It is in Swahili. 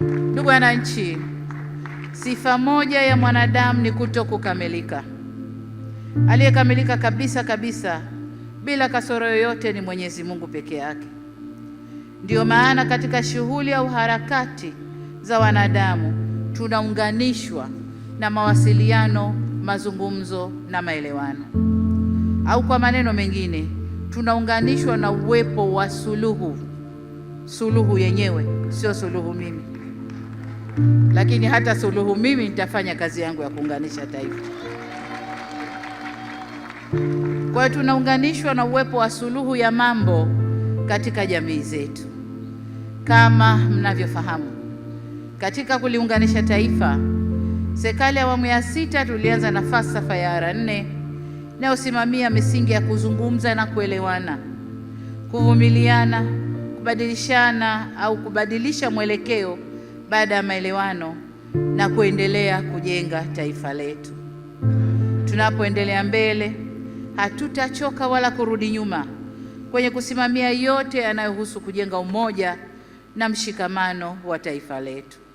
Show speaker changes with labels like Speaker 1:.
Speaker 1: Ndugu wananchi, sifa moja ya mwanadamu ni kutokukamilika. Aliyekamilika kabisa kabisa bila kasoro yoyote ni Mwenyezi Mungu peke yake. Ndiyo maana katika shughuli au harakati za wanadamu tunaunganishwa na mawasiliano, mazungumzo na maelewano, au kwa maneno mengine tunaunganishwa na uwepo wa suluhu. Suluhu yenyewe sio suluhu mimi lakini hata Suluhu, mimi nitafanya kazi yangu ya kuunganisha taifa. Kwa hiyo tunaunganishwa na uwepo wa suluhu ya mambo katika jamii zetu. Kama mnavyofahamu, katika kuliunganisha taifa, serikali ya awamu ya sita tulianza na falsafa ya R nne inayosimamia misingi ya kuzungumza na kuelewana, kuvumiliana, kubadilishana au kubadilisha mwelekeo baada ya maelewano na kuendelea kujenga taifa letu. Tunapoendelea mbele, hatutachoka wala kurudi nyuma kwenye kusimamia yote yanayohusu kujenga umoja na mshikamano wa taifa letu.